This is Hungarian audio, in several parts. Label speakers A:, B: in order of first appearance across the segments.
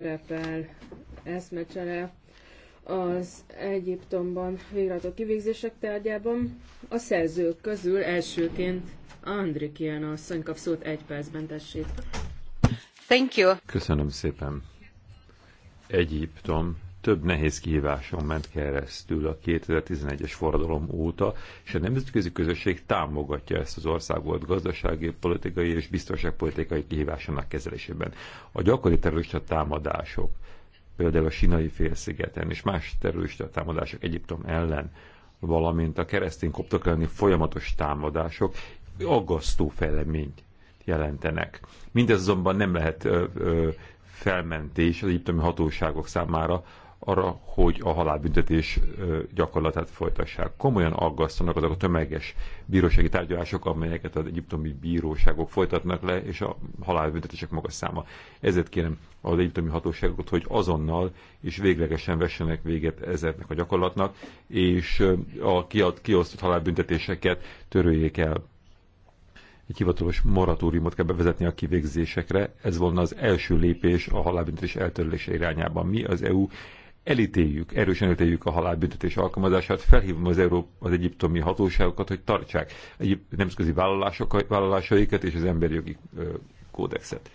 A: szerepel eszmecsere az Egyiptomban végrehajtott kivégzések tárgyában. A szerzők közül elsőként Andri Kiana asszony kap szót egy percben, tessék. Thank you.
B: Köszönöm szépen. Egyiptom több nehéz kihíváson ment keresztül a 2011-es forradalom óta, és a nemzetközi közösség támogatja ezt az országot gazdasági, politikai és biztonságpolitikai kihívásának kezelésében. A gyakori terrorista támadások, például a sinai félszigeten és más terrorista támadások Egyiptom ellen, valamint a keresztény koptok elleni folyamatos támadások aggasztó fejleményt jelentenek. Mindez azonban nem lehet ö, ö, felmentés az egyiptomi hatóságok számára arra, hogy a halálbüntetés gyakorlatát folytassák. Komolyan aggasztanak azok a tömeges bírósági tárgyalások, amelyeket az egyiptomi bíróságok folytatnak le, és a halálbüntetések magas száma. Ezért kérem az egyiptomi hatóságokat, hogy azonnal és véglegesen vessenek véget ezeknek a gyakorlatnak, és a kiosztott halálbüntetéseket törőjék el egy hivatalos moratóriumot kell bevezetni a kivégzésekre, ez volna az első lépés a halálbüntetés eltörlése irányában. Mi az EU elítéljük, erősen elítéljük a halálbüntetés alkalmazását, felhívom az, Európa, az egyiptomi hatóságokat, hogy tartsák egy nemzetközi vállalásaikat és az emberjogi kódexet.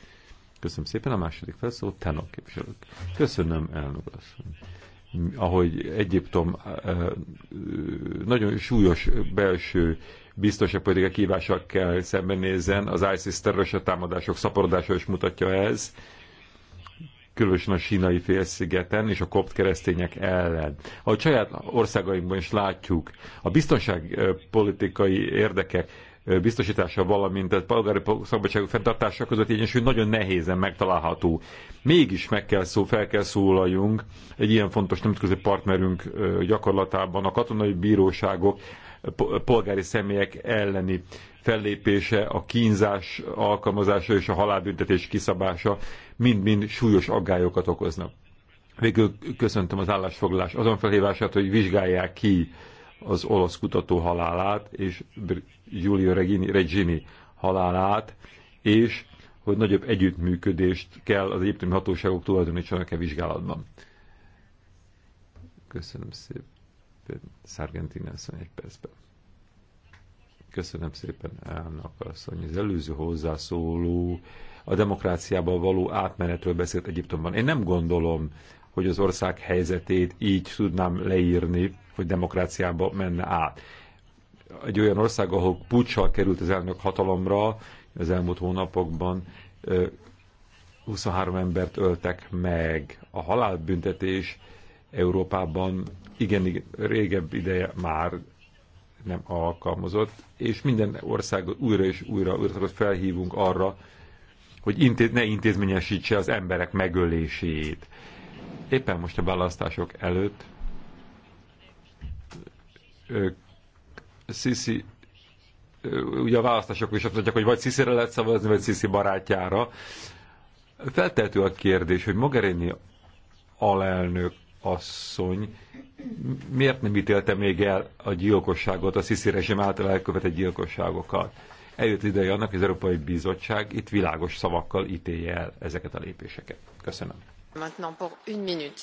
B: Köszönöm szépen a második felszóló, Tenok képviselők. Köszönöm, elnök asszony. Ahogy Egyiptom nagyon súlyos belső biztonságpolitikai kívással kell szembenézzen, az ISIS terrorista támadások szaporodása is mutatja ez, különösen a sínai félszigeten és a kopt keresztények ellen. Ahogy saját országainkban is látjuk, a biztonságpolitikai érdekek biztosítása, valamint a polgári szabadságok fenntartása között egyensúly nagyon nehézen megtalálható. Mégis meg kell szó, fel kell szólaljunk egy ilyen fontos nemzetközi partnerünk gyakorlatában a katonai bíróságok polgári személyek elleni fellépése, a kínzás alkalmazása és a halálbüntetés kiszabása mind-mind súlyos aggályokat okoznak. Végül köszöntöm az állásfoglalás azon felhívását, hogy vizsgálják ki az olasz kutató halálát és Giulio Regini, Regini halálát, és hogy nagyobb együttműködést kell az egyiptomi hatóságok tulajdonítsanak-e vizsgálatban. Köszönöm szépen következő. Szargentin asszony egy percben. Köszönöm szépen, elnök asszony. Az előző hozzászóló a demokráciában való átmenetről beszélt Egyiptomban. Én nem gondolom, hogy az ország helyzetét így tudnám leírni, hogy demokráciába menne át. Egy olyan ország, ahol pucsal került az elnök hatalomra az elmúlt hónapokban, 23 embert öltek meg. A halálbüntetés Európában igen, igen régebb ideje már nem alkalmazott, és minden országot újra és újra újra felhívunk arra, hogy intéz, ne intézményesítse az emberek megölését. Éppen most a választások előtt Sisi ugye a választások is azt mondják, hogy vagy Sisi-re lehet szavazni, vagy Sisi barátjára. Feltehető a kérdés, hogy Mogherini alelnök asszony miért nem ítélte még el a gyilkosságot, a Sziszi rezsim által elkövetett gyilkosságokat? Eljött ideje annak, hogy az Európai Bizottság itt világos szavakkal ítélje el ezeket a lépéseket. Köszönöm.
A: Maintenant pour une minute.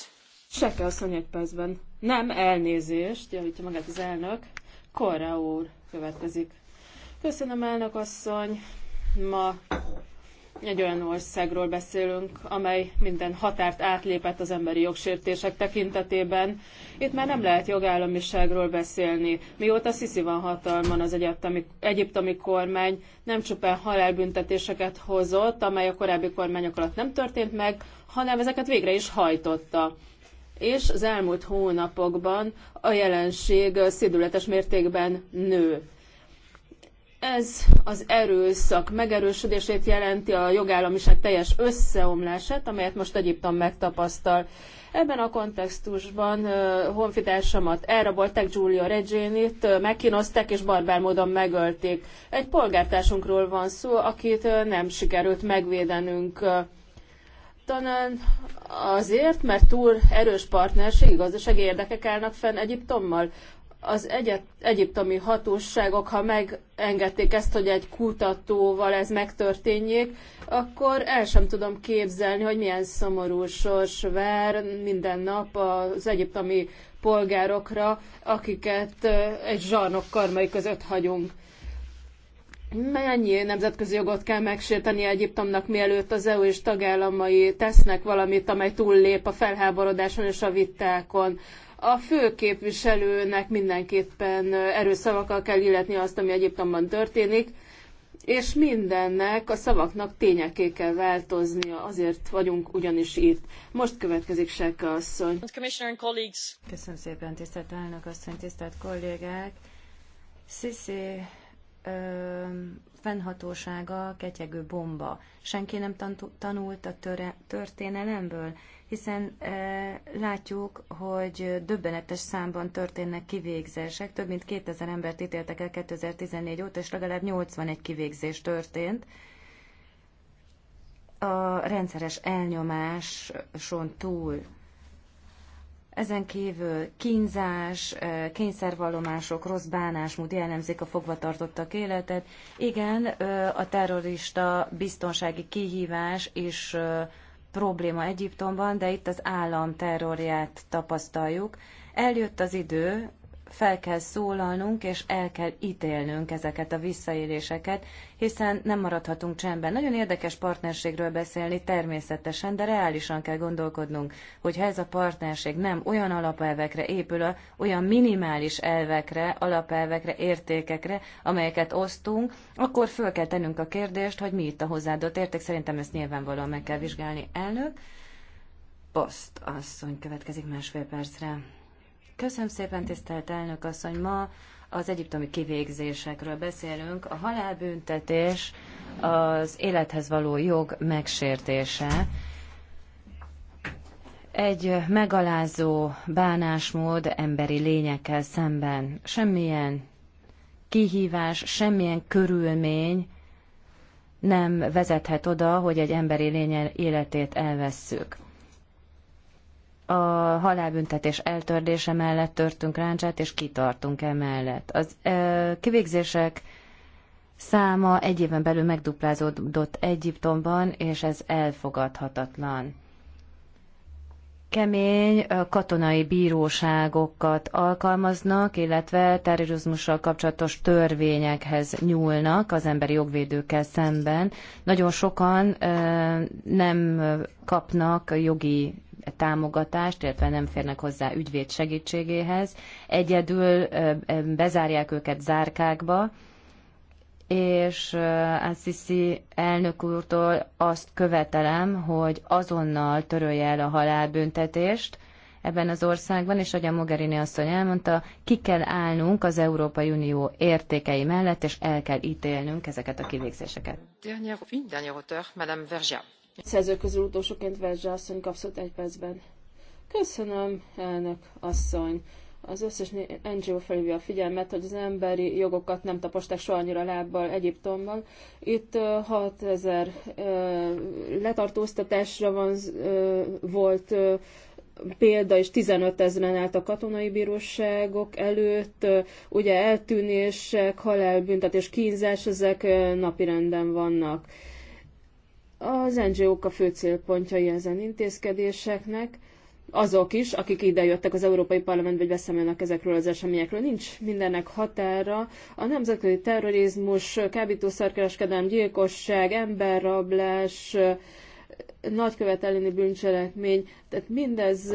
A: Seke asszony egy percben. Nem elnézést, javítja magát az elnök. Korra úr következik. Köszönöm, elnök asszony. Ma egy olyan országról beszélünk, amely minden határt átlépett az emberi jogsértések tekintetében. Itt már nem lehet jogállamiságról beszélni. Mióta Sisi van hatalman az egyiptomi, egyiptomi kormány, nem csupán halálbüntetéseket hozott, amely a korábbi kormányok alatt nem történt meg, hanem ezeket végre is hajtotta és az elmúlt hónapokban a jelenség szédületes mértékben nő. Ez az erőszak megerősödését jelenti a jogállamiság teljes összeomlását, amelyet most Egyiptom megtapasztal. Ebben a kontextusban honfitársamat elrabolták Giulio Reginit, megkínozták és barbár módon megölték. Egy polgártársunkról van szó, akit nem sikerült megvédenünk talán azért, mert túl erős partnerségi gazdasági érdekek állnak fenn Egyiptommal az egyet, egyiptomi hatóságok, ha megengedték ezt, hogy egy kutatóval ez megtörténjék, akkor el sem tudom képzelni, hogy milyen szomorú sors vár minden nap az egyiptomi polgárokra, akiket egy zsarnok karmai között hagyunk. Mennyi nemzetközi jogot kell megsérteni Egyiptomnak, mielőtt az EU és tagállamai tesznek valamit, amely túllép a felháborodáson és a vitákon? A főképviselőnek mindenképpen erőszavakkal kell illetni azt, ami Egyiptomban történik, és mindennek, a szavaknak tényeké kell változnia, azért vagyunk ugyanis itt. Most következik Sekka asszony.
C: Köszönöm szépen, tisztelt elnök asszony, tisztelt kollégák. Sisi ö, fennhatósága ketyegő bomba. Senki nem tanult a töre, történelemből, hiszen ö, látjuk, hogy döbbenetes számban történnek kivégzések. Több mint 2000 embert ítéltek el 2014 óta, és legalább 81 kivégzés történt a rendszeres elnyomáson túl ezen kívül kínzás, eh, kényszervallomások, rossz bánásmód jellemzik a fogvatartottak életet. Igen, a terrorista biztonsági kihívás is probléma Egyiptomban, de itt az állam terrorját tapasztaljuk. Eljött az idő, fel kell szólalnunk, és el kell ítélnünk ezeket a visszaéléseket, hiszen nem maradhatunk csendben. Nagyon érdekes partnerségről beszélni természetesen, de reálisan kell gondolkodnunk, hogyha ez a partnerség nem olyan alapelvekre épül, olyan minimális elvekre, alapelvekre, értékekre, amelyeket osztunk, akkor föl kell tennünk a kérdést, hogy mi itt a hozzáadott érték. Szerintem ezt nyilvánvalóan meg kell vizsgálni. Elnök, Poszt asszony következik másfél percre. Köszönöm szépen, tisztelt elnök asszony. Ma az egyiptomi kivégzésekről beszélünk. A halálbüntetés az élethez való jog megsértése. Egy megalázó bánásmód emberi lényekkel szemben. Semmilyen kihívás, semmilyen körülmény nem vezethet oda, hogy egy emberi lény életét elvesszük a halálbüntetés eltördése mellett törtünk ráncsát, és kitartunk emellett. Az ö, kivégzések száma egy éven belül megduplázódott Egyiptomban, és ez elfogadhatatlan. Kemény katonai bíróságokat alkalmaznak, illetve terrorizmussal kapcsolatos törvényekhez nyúlnak az emberi jogvédőkkel szemben. Nagyon sokan nem kapnak jogi támogatást, illetve nem férnek hozzá ügyvéd segítségéhez. Egyedül bezárják őket zárkákba, és Assisi elnök úrtól azt követelem, hogy azonnal törölje el a halálbüntetést ebben az országban, és ahogy a Mogherini asszony elmondta, ki kell állnunk az Európai Unió értékei mellett, és el kell ítélnünk ezeket a kivégzéseket.
A: Dernier, une auteur, Madame Vergia. Szerző közül utolsóként Verzsa asszony kapszott egy percben. Köszönöm, elnök asszony. Az összes NGO felhívja a figyelmet, hogy az emberi jogokat nem taposták soha annyira lábbal Egyiptomban. Itt 6000 letartóztatásra van, volt példa, és 15 ezeren állt a katonai bíróságok előtt, ugye eltűnések, halálbüntetés, kínzás, ezek napirenden vannak. Az NGO-k a fő célpontjai ezen intézkedéseknek, azok is, akik ide jöttek az Európai Parlamentbe, hogy beszámolnak ezekről az eseményekről. Nincs mindennek határa. A nemzetközi terrorizmus, kábítószerkereskedelem, gyilkosság, emberrablás, nagykövet elleni bűncselekmény, tehát mindez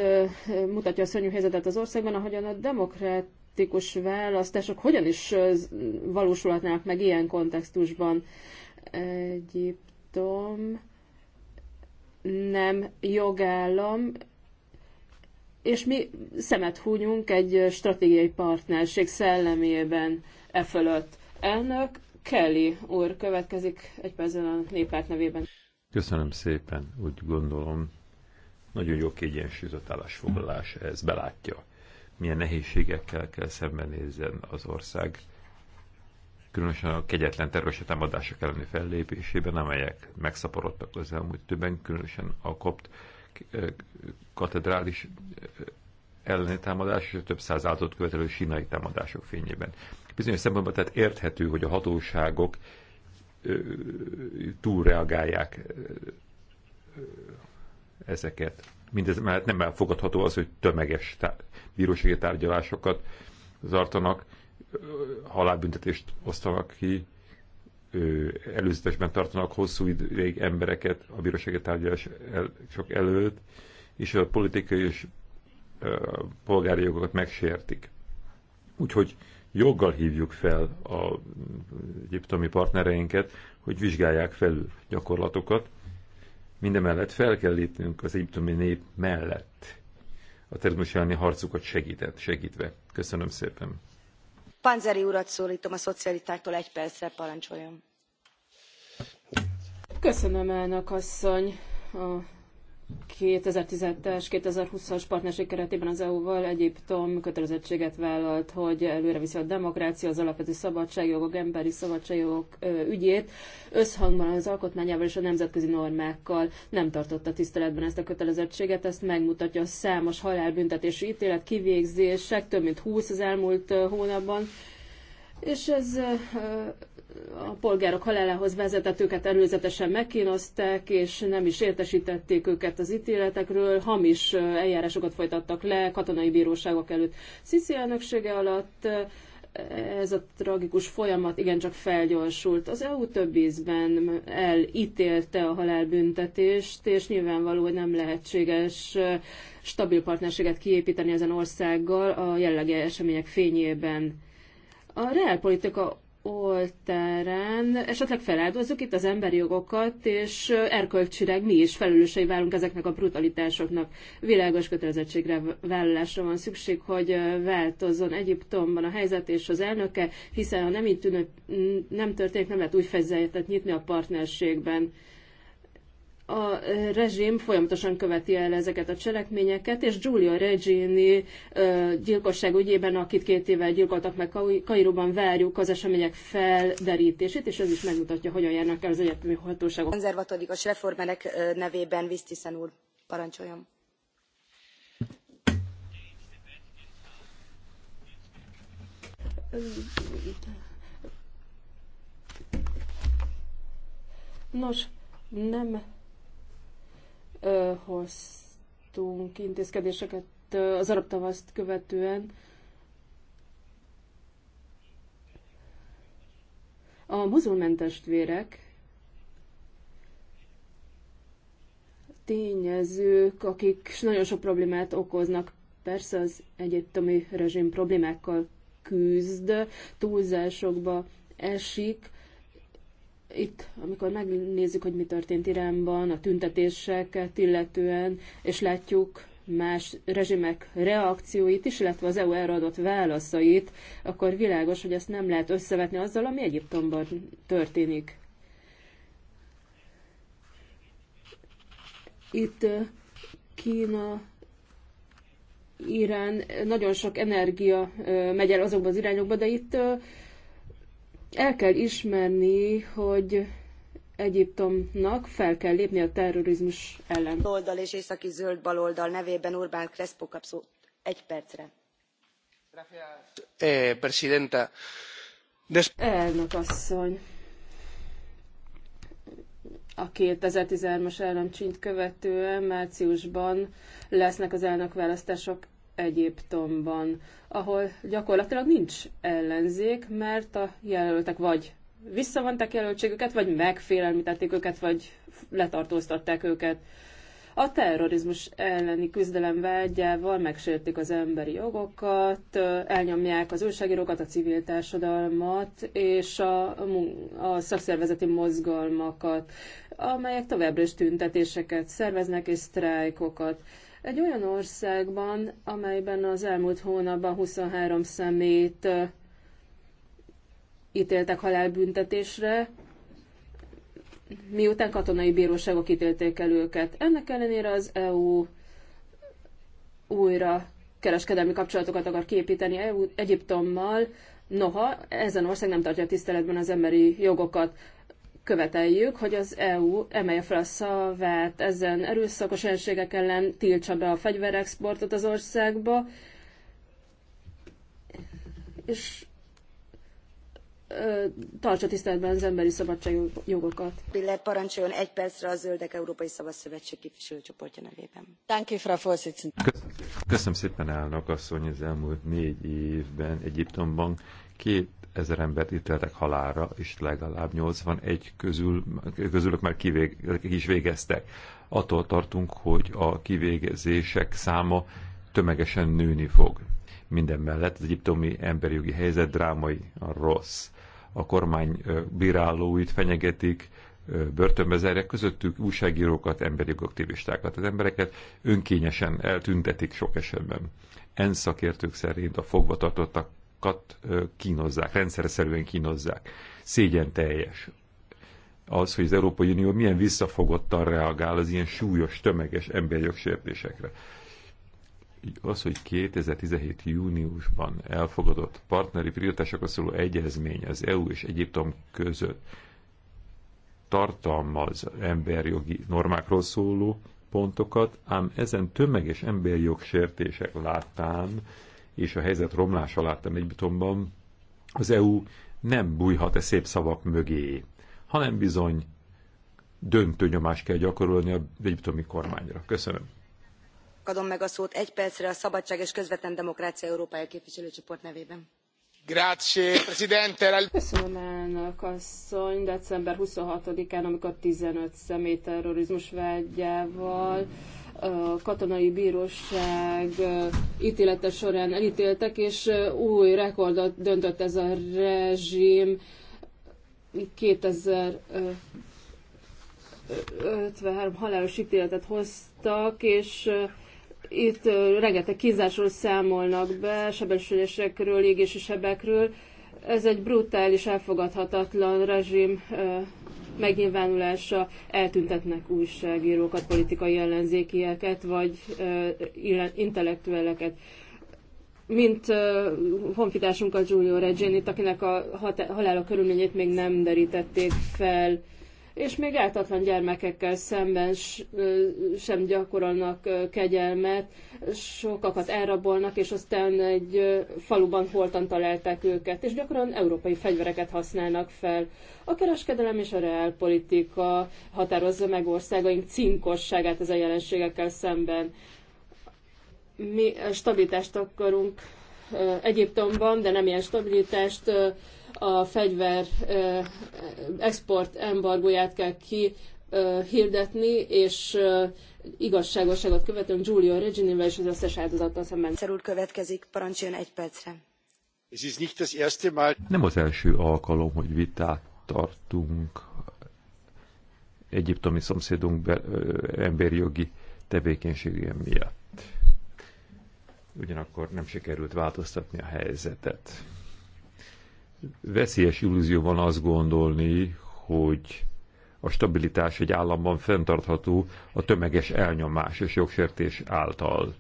A: mutatja a szörnyű helyzetet az országban, ahogyan a demokratikus választások hogyan is valósulhatnának meg ilyen kontextusban. Egyéb látom, nem jogállam, és mi szemet húnyunk egy stratégiai partnerség szellemében e fölött. Elnök Kelly úr következik egy percben a néppárt nevében.
B: Köszönöm szépen, úgy gondolom. Nagyon jó kiegyensúlyozott állásfoglalás ez, belátja milyen nehézségekkel kell szembenézzen az ország különösen a kegyetlen terrorista támadások elleni fellépésében, amelyek megszaporodtak az elmúlt többen, különösen a kopt eh, katedrális eh, elleni támadás és a több száz áldozatot követelő sínai támadások fényében. Bizonyos szempontból tehát érthető, hogy a hatóságok eh, túlreagálják ezeket. Mindez mert nem elfogadható az, hogy tömeges tá- bírósági tárgyalásokat zartanak, halálbüntetést osztanak ki, előzetesben tartanak hosszú ideig embereket a bírósági tárgyalás el, sok előtt, és a politikai és a polgári jogokat megsértik. Úgyhogy joggal hívjuk fel a egyiptomi partnereinket, hogy vizsgálják fel gyakorlatokat. Mindemellett fel kell lépnünk az egyiptomi nép mellett a terrorizmus elleni harcukat segített, segítve. Köszönöm szépen
D: panzeri urat szóltom a szocialistáktól egy percre parancsoljon!
A: köszönöm elnök asszony! a 2010 es 2020-as partnerség keretében az EU-val Egyiptom kötelezettséget vállalt, hogy előreviszi a demokrácia, az alapvető szabadságjogok, emberi szabadságjogok ügyét, összhangban az alkotmányával és a nemzetközi normákkal nem tartotta tiszteletben ezt a kötelezettséget, ezt megmutatja a számos halálbüntetési ítélet, kivégzések, több mint 20 az elmúlt hónapban, és ez a polgárok halálához vezetett, őket előzetesen megkínozták, és nem is értesítették őket az ítéletekről, hamis eljárásokat folytattak le katonai bíróságok előtt. Sziszi elnöksége alatt ez a tragikus folyamat igencsak felgyorsult. Az EU több ízben elítélte a halálbüntetést, és nyilvánvaló, hogy nem lehetséges stabil partnerséget kiépíteni ezen országgal a jellegi események fényében. A reálpolitika oltárán esetleg feláldozzuk itt az emberi jogokat, és erkölcsileg mi is felelősei válunk ezeknek a brutalitásoknak. Világos kötelezettségre vállalásra van szükség, hogy változzon Egyiptomban a helyzet és az elnöke, hiszen ha nem így tűnő, nem történik, nem lehet új fejezetet nyitni a partnerségben a rezsim folyamatosan követi el ezeket a cselekményeket, és Giulio Regini gyilkosság ügyében, akit két éve gyilkoltak meg Kairóban, várjuk az események felderítését, és ez is megmutatja, hogyan járnak el az egyetemi hatóságok.
D: Konzervatórikus reformerek nevében Visztiszen úr, parancsoljon.
A: Nos, nem hoztunk intézkedéseket az arab tavaszt követően. A muzulmán testvérek tényezők, akik nagyon sok problémát okoznak. Persze az egyiptomi rezsim problémákkal küzd, túlzásokba esik, itt, amikor megnézzük, hogy mi történt Iránban, a tüntetéseket illetően, és látjuk más rezsimek reakcióit is, illetve az EU eladott adott válaszait, akkor világos, hogy ezt nem lehet összevetni azzal, ami Egyiptomban történik. Itt Kína, Irán, nagyon sok energia megy el azokba az irányokba, de itt el kell ismerni, hogy Egyiptomnak fel kell lépni a terrorizmus
D: ellen. Oldal és északi zöld baloldal nevében Orbán Crespo kap egy percre.
A: Eh, presidenta. Des... Elnök asszony. A 2013-as államcsint követően márciusban lesznek az elnökválasztások Egyiptomban, ahol gyakorlatilag nincs ellenzék, mert a jelöltek vagy visszavonták jelöltségüket, vagy megfélelmítették őket, vagy letartóztatták őket. A terrorizmus elleni küzdelem vágyával megsértik az emberi jogokat, elnyomják az újságírókat, a civil társadalmat és a, a szakszervezeti mozgalmakat, amelyek továbbra is tüntetéseket szerveznek és sztrájkokat. Egy olyan országban, amelyben az elmúlt hónapban 23 szemét ítéltek halálbüntetésre, miután katonai bíróságok ítélték el őket. Ennek ellenére az EU újra kereskedelmi kapcsolatokat akar képíteni EU, Egyiptommal, noha ezen ország nem tartja tiszteletben az emberi jogokat követeljük, hogy az EU emelje fel a szavát ezen erőszakos elségek ellen, tiltsa be a fegyverexportot az országba, és tartsa tiszteletben az emberi szabadságjogokat.
D: Bille parancsoljon egy percre a Zöldek Európai Szabad képviselőcsoportja nevében.
B: Köszönöm szépen, elnök asszony, az elmúlt négy évben Egyiptomban két ezer embert ítéltek halálra, és legalább 81 közül, közülök már kivég, is végeztek. Attól tartunk, hogy a kivégezések száma tömegesen nőni fog minden mellett az egyiptomi emberi jogi helyzet drámai, a rossz a kormány bírálóit fenyegetik, börtönbe zárják, közöttük újságírókat, emberi aktivistákat. Az embereket önkényesen eltüntetik sok esetben. ENSZ szakértők szerint a fogvatartottakat kínozzák, rendszerszerűen kínozzák. Szégyen teljes az, hogy az Európai Unió milyen visszafogottan reagál az ilyen súlyos, tömeges emberi jogsértésekre az, hogy 2017. júniusban elfogadott partneri prioritásokra szóló egyezmény az EU és Egyiptom között tartalmaz emberjogi normákról szóló pontokat, ám ezen tömeges emberjogsértések láttán és a helyzet romlása láttam Egyiptomban az EU nem bújhat-e szép szavak mögé, hanem bizony döntő nyomást kell gyakorolni a egyiptomi kormányra. Köszönöm
D: meg a szót egy a szabadság és közvetlen demokrácia nevében.
A: Köszönöm, elnök asszony. December 26-án, amikor 15 személy terrorizmus vádjával a katonai bíróság télete során eltéltek és új rekordot döntött ez a rezsim fifty three halálos téletet hoztak, és itt rengeteg kínzásról számolnak be, sebesülésekről, égési sebekről. Ez egy brutális, elfogadhatatlan rezsim megnyilvánulása. Eltüntetnek újságírókat, politikai ellenzékieket, vagy intellektueleket mint uh, a Giulio Reggini, akinek a halála körülményét még nem derítették fel és még ártatlan gyermekekkel szemben sem gyakorolnak kegyelmet, sokakat elrabolnak, és aztán egy faluban holtan találták őket, és gyakran európai fegyvereket használnak fel. A kereskedelem és a reálpolitika határozza meg országaink cinkosságát a jelenségekkel szemben. Mi stabilitást akarunk Egyiptomban, de nem ilyen stabilitást a fegyver export embargóját kell ki hirdetni és igazságosságot követően Giulio Reginivel és az összes áldozattal szemben. Szerúr következik, parancsoljon egy percre.
B: Nem az első alkalom, hogy vitát tartunk egyiptomi szomszédunk be, emberi jogi tevékenysége miatt. Ugyanakkor nem sikerült változtatni a helyzetet. Veszélyes illúzió van azt gondolni, hogy a stabilitás egy államban fenntartható a tömeges elnyomás és jogsértés által.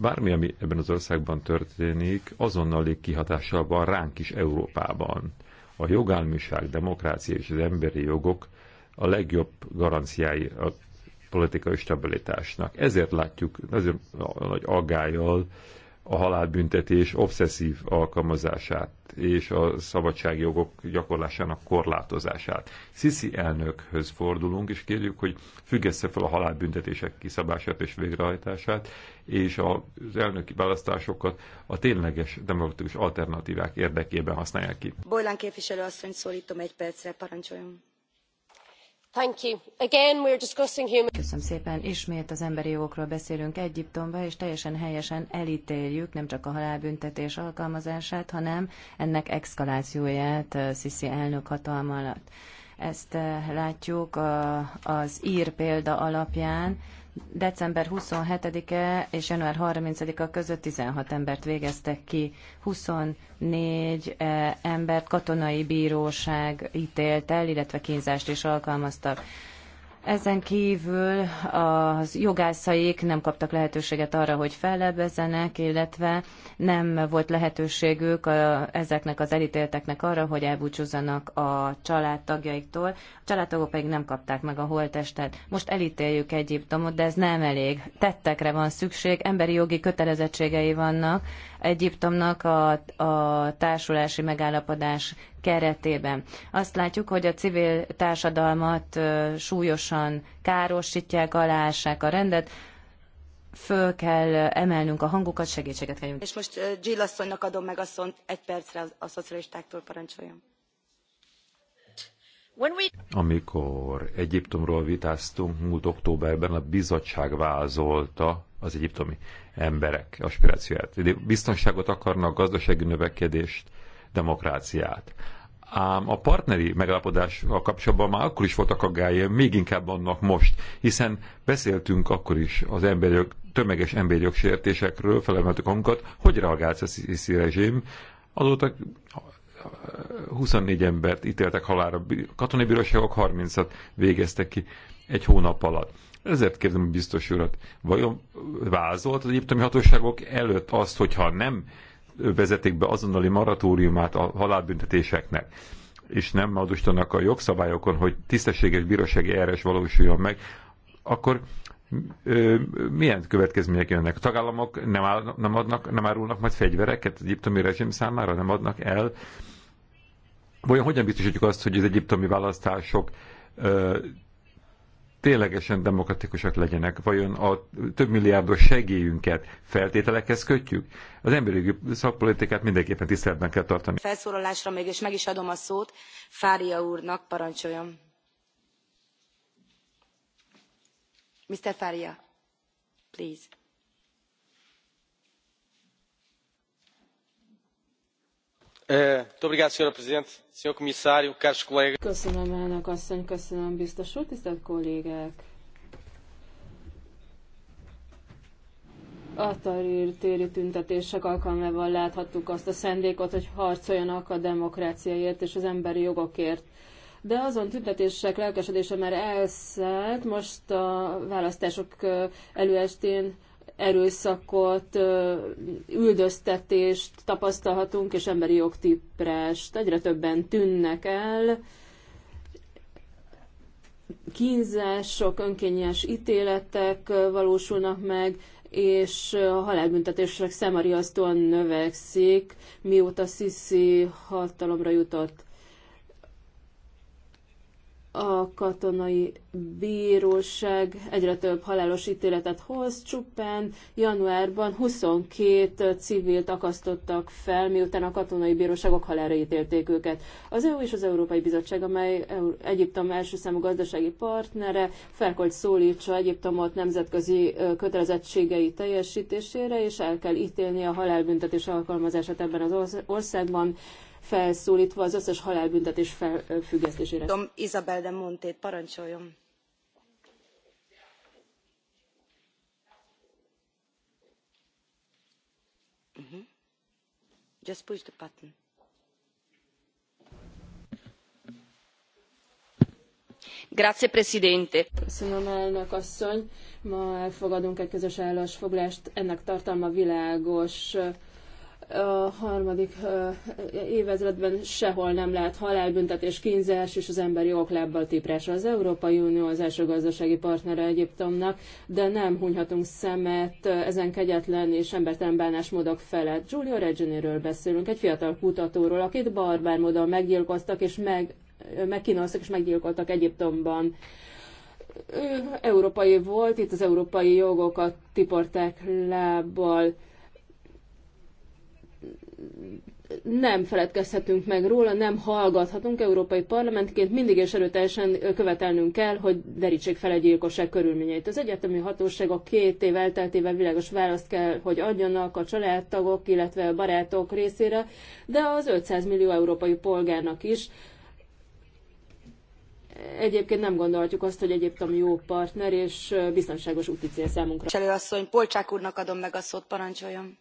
B: Bármi, ami ebben az országban történik, azonnali kihatással van ránk is Európában. A jogállamiság, demokrácia és az emberi jogok a legjobb garanciái a politikai stabilitásnak. Ezért látjuk, ezért a nagy aggájjal a halálbüntetés obszesszív alkalmazását és a szabadságjogok gyakorlásának korlátozását. Sisi elnökhöz fordulunk, és kérjük, hogy függesse fel a halálbüntetések kiszabását és végrehajtását, és az elnöki választásokat a tényleges demokratikus alternatívák érdekében használják ki.
D: Bojlán képviselő asszony, szólítom egy percre, parancsoljon.
C: Köszönöm szépen. Ismét az emberi jogokról beszélünk Egyiptomban, és teljesen helyesen elítéljük nem csak a halálbüntetés alkalmazását, hanem ennek exkalációját eh, Sisi elnök hatalma alatt. Ezt eh, látjuk eh, az ír példa alapján, december 27-e és január 30-a között 16 embert végeztek ki, 24 eh, embert katonai bíróság ítélt el, illetve kínzást is alkalmaztak. Ezen kívül az jogászaik nem kaptak lehetőséget arra, hogy fellebezzenek, illetve nem volt lehetőségük a, ezeknek az elítélteknek arra, hogy elbúcsúzzanak a családtagjaiktól. A családtagok pedig nem kapták meg a holttestet. Most elítéljük Egyiptomot, de ez nem elég. Tettekre van szükség, emberi jogi kötelezettségei vannak Egyiptomnak a, a társulási megállapodás keretében. Azt látjuk, hogy a civil társadalmat súlyosan károsítják, aláássák a rendet, föl kell emelnünk a hangukat, segítséget kell És
D: most Jill asszonynak adom meg a szont egy percre a szocialistáktól parancsoljon.
B: Amikor Egyiptomról vitáztunk múlt októberben, a bizottság vázolta az egyiptomi emberek aspirációját. Biztonságot akarnak, gazdasági növekedést, demokráciát. Ám a partneri megállapodással kapcsolatban már akkor is voltak aggályai, még inkább vannak most, hiszen beszéltünk akkor is az emberi, tömeges emberjogsértésekről, felemeltük hangunkat, hogy reagált a Sisi rezsim. Azóta 24 embert ítéltek halára, katonai bíróságok 30-at végeztek ki egy hónap alatt. Ezért kérdem a biztos urat, vajon vázolt az egyiptomi hatóságok előtt azt, hogyha nem vezetik be azonnali maratóriumát a halálbüntetéseknek és nem adustanak a jogszabályokon, hogy tisztességes bírósági eljárás valósuljon meg, akkor ö, milyen következmények jönnek? A tagállamok nem, áll, nem, adnak, nem árulnak majd fegyvereket az egyiptomi rezsim számára? Nem adnak el? Vajon hogyan biztosítjuk azt, hogy az egyiptomi választások ö, ténylegesen demokratikusak legyenek. Vajon a több milliárdos segélyünket feltételekhez kötjük? Az emberi szakpolitikát mindenképpen tiszteletben kell tartani.
D: Felszólalásra mégis meg is adom a szót Fária úrnak, parancsoljon. Mr. Fária, please. Köszönöm,
A: elnök asszony, köszönöm, biztos úr, tisztelt kollégák! A téri tüntetések alkalmával láthattuk azt a szándékot hogy harcoljanak a demokráciáért és az emberi jogokért. De azon tüntetések lelkesedése már elszállt, most a választások előestén erőszakot, üldöztetést tapasztalhatunk, és emberi jogtiprást. Egyre többen tűnnek el, kínzások, önkényes ítéletek valósulnak meg, és a halálbüntetések szemariasztóan növekszik, mióta Sisi hatalomra jutott a katonai bíróság egyre több halálos ítéletet hoz, csupán januárban 22 civilt akasztottak fel, miután a katonai bíróságok halálra ítélték őket. Az EU és az Európai Bizottság, amely e Egyiptom első számú gazdasági partnere, fel kell szólítsa Egyiptomot nemzetközi kötelezettségei teljesítésére, és el kell ítélni a halálbüntetés alkalmazását ebben az országban felszólítva az összes halálbüntetés felfüggesztésére. Dom
D: Isabel de Montét, parancsoljon! Mhm. Just push the button.
A: Grazie, Presidente. Köszönöm, elnök asszony. Ma elfogadunk egy közös állásfoglalást. Ennek tartalma világos a harmadik évezredben sehol nem lehet halálbüntetés, kínzás és az emberi jogok lábbal Az Európai Unió az első gazdasági partnere Egyiptomnak, de nem hunyhatunk szemet ezen kegyetlen és embertelen bánásmódok felett. Giulio Reggianiről beszélünk, egy fiatal kutatóról, akit barbár módon meggyilkoztak és meg, megkínoztak és meggyilkoltak Egyiptomban ő európai volt, itt az európai jogokat tiporták lábbal nem feledkezhetünk meg róla, nem hallgathatunk európai parlamentként, mindig és erőteljesen követelnünk kell, hogy derítsék fel egy gyilkosság körülményeit. Az egyetemi hatóságok két év elteltével világos választ kell, hogy adjanak a családtagok, illetve a barátok részére, de az 500 millió európai polgárnak is. Egyébként nem gondoljuk azt, hogy Egyiptom jó partner és biztonságos úti cél számunkra. Cselőasszony, Polcsák úrnak adom meg a szót, parancsoljon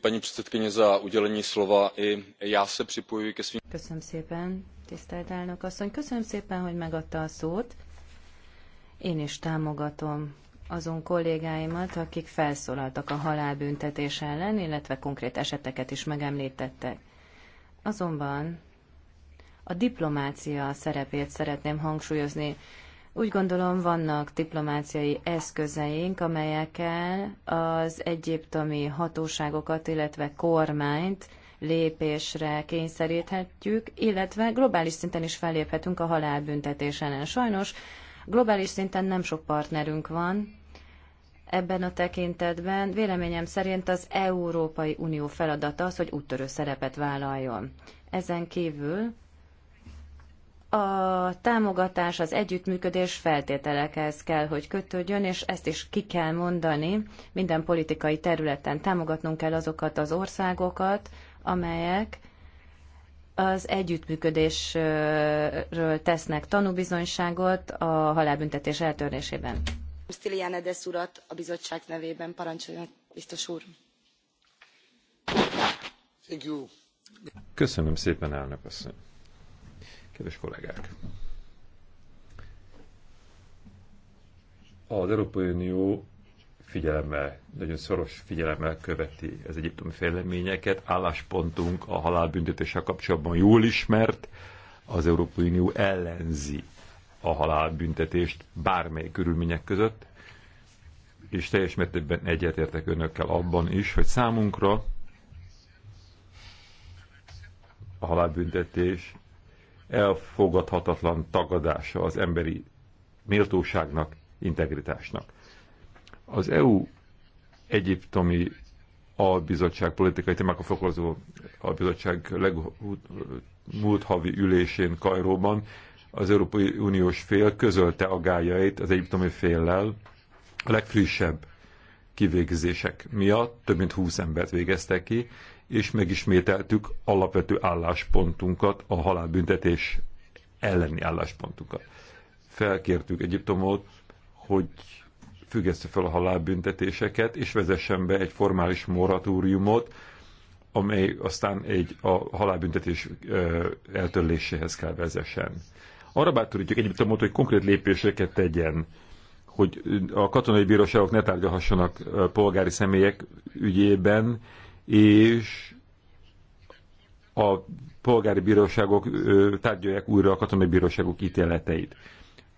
B: paní předsedající i já se připojuji ke svým.
C: köszönöm szépen tisztelt elnök asszony köszönöm szépen hogy megadta a szót. én is támogatom azon kollégáimat akik felszólaltak a halálbüntetés ellen illetve konkrét eseteket is megemlítettek. azonban a diplomácia szerepét szeretném hangsúlyozni. Úgy gondolom, vannak diplomáciai eszközeink, amelyekkel az egyiptomi hatóságokat, illetve kormányt lépésre kényszeríthetjük, illetve globális szinten is felléphetünk a halálbüntetés ellen. Sajnos globális szinten nem sok partnerünk van, ebben a tekintetben véleményem szerint az Európai Unió feladata az, hogy úttörő szerepet vállaljon. Ezen kívül a támogatás, az együttműködés feltételekhez kell, hogy kötődjön, és ezt is ki kell mondani minden politikai területen. Támogatnunk kell azokat az országokat, amelyek az együttműködésről tesznek tanúbizonyságot a halálbüntetés eltörlésében.
D: Stilianedes urat a bizottság nevében parancsoljon, biztos úr.
B: Köszönöm szépen, elnök asszony. Kedves kollégák! Az Európai Unió figyelemmel, nagyon szoros figyelemmel követi az egyiptomi fejleményeket. Álláspontunk a halálbüntetéssel kapcsolatban jól ismert, az Európai Unió ellenzi a halálbüntetést bármely körülmények között, és teljes mértékben egyetértek önökkel abban is, hogy számunkra a halálbüntetés elfogadhatatlan tagadása az emberi méltóságnak, integritásnak. Az EU egyiptomi albizottság politikai témákkal foglalkozó albizottság múlt havi ülésén Kajróban az Európai Uniós fél közölte agájait az egyiptomi féllel a legfrissebb kivégzések miatt több mint 20 embert végezte ki, és megismételtük alapvető álláspontunkat, a halálbüntetés elleni álláspontunkat. Felkértük Egyiptomot, hogy függeszte fel a halálbüntetéseket, és vezessen be egy formális moratóriumot, amely aztán egy a halálbüntetés eltörléséhez kell vezessen. Arra bátorítjuk Egyiptomot, hogy konkrét lépéseket tegyen, hogy a katonai bíróságok ne tárgyalhassanak polgári személyek ügyében, és a polgári bíróságok tárgyalják újra a katonai bíróságok ítéleteit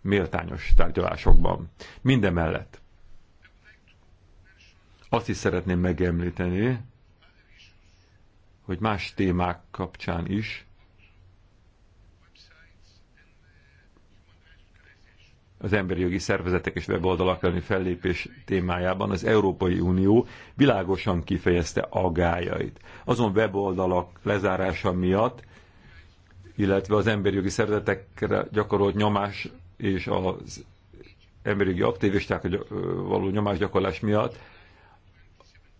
B: méltányos tárgyalásokban. Mindemellett azt is szeretném megemlíteni, hogy más témák kapcsán is az emberi jogi szervezetek és weboldalak elleni fellépés témájában az Európai Unió világosan kifejezte agájait. Azon weboldalak lezárása miatt, illetve az emberi jogi szervezetekre gyakorolt nyomás és az emberi jogi aktivisták való nyomásgyakorlás miatt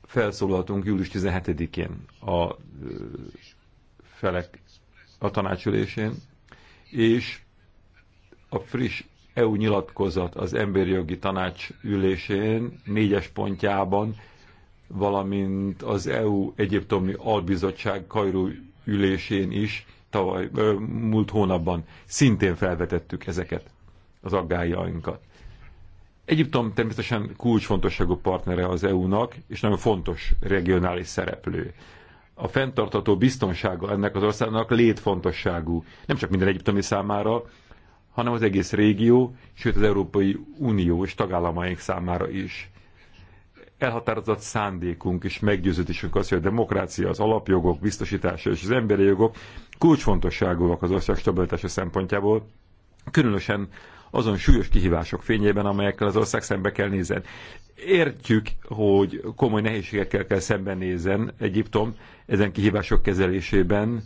B: felszólaltunk július 17-én a felek a tanácsülésén, és a friss EU nyilatkozat az emberi jogi tanács ülésén négyes pontjában, valamint az EU egyiptomi albizottság Kajró ülésén is tavaly, múlt hónapban szintén felvetettük ezeket az aggájainkat. Egyiptom természetesen kulcsfontosságú partnere az EU-nak, és nagyon fontos regionális szereplő. A fenntartató biztonsága ennek az országnak létfontosságú, nem csak minden egyiptomi számára, hanem az egész régió, sőt az Európai Unió és tagállamaink számára is. Elhatározott szándékunk és meggyőződésünk az, hogy a demokrácia, az alapjogok biztosítása és az emberi jogok kulcsfontosságúak az ország stabilitása szempontjából, különösen azon súlyos kihívások fényében, amelyekkel az ország szembe kell nézen. Értjük, hogy komoly nehézségekkel kell szembenézen Egyiptom ezen kihívások kezelésében,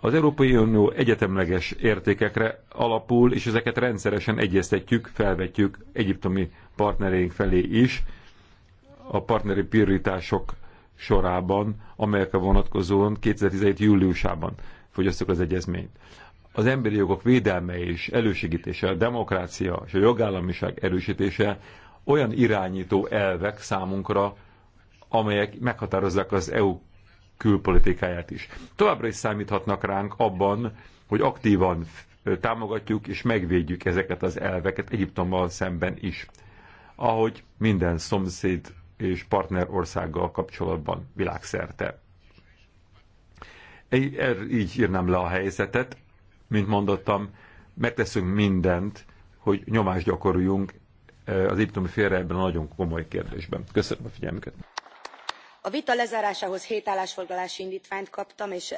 B: az Európai Unió egyetemleges értékekre alapul, és ezeket rendszeresen egyeztetjük, felvetjük egyiptomi partnereink felé is a partneri prioritások sorában, amelyekre vonatkozóan 2017. júliusában fogyasztok az egyezményt. Az emberi jogok védelme és elősegítése, a demokrácia és a jogállamiság erősítése olyan irányító elvek számunkra, amelyek meghatározzák az EU külpolitikáját is. Továbbra is számíthatnak ránk abban, hogy aktívan támogatjuk és megvédjük ezeket az elveket Egyiptommal szemben is, ahogy minden szomszéd és partner országgal kapcsolatban világszerte. Er, így írnám le a helyzetet, mint mondottam, megteszünk mindent, hogy nyomást gyakoroljunk eh, az egyiptomi félre ebben a nagyon komoly kérdésben. Köszönöm a figyelmüket!
D: a vita lezárásához hét állásfoglalási indtványt kaptam és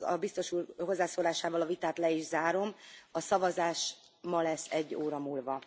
D: a biztos úr hozzászólásával a vitát le is zárom a szavazás ma lesz egy óra múlva.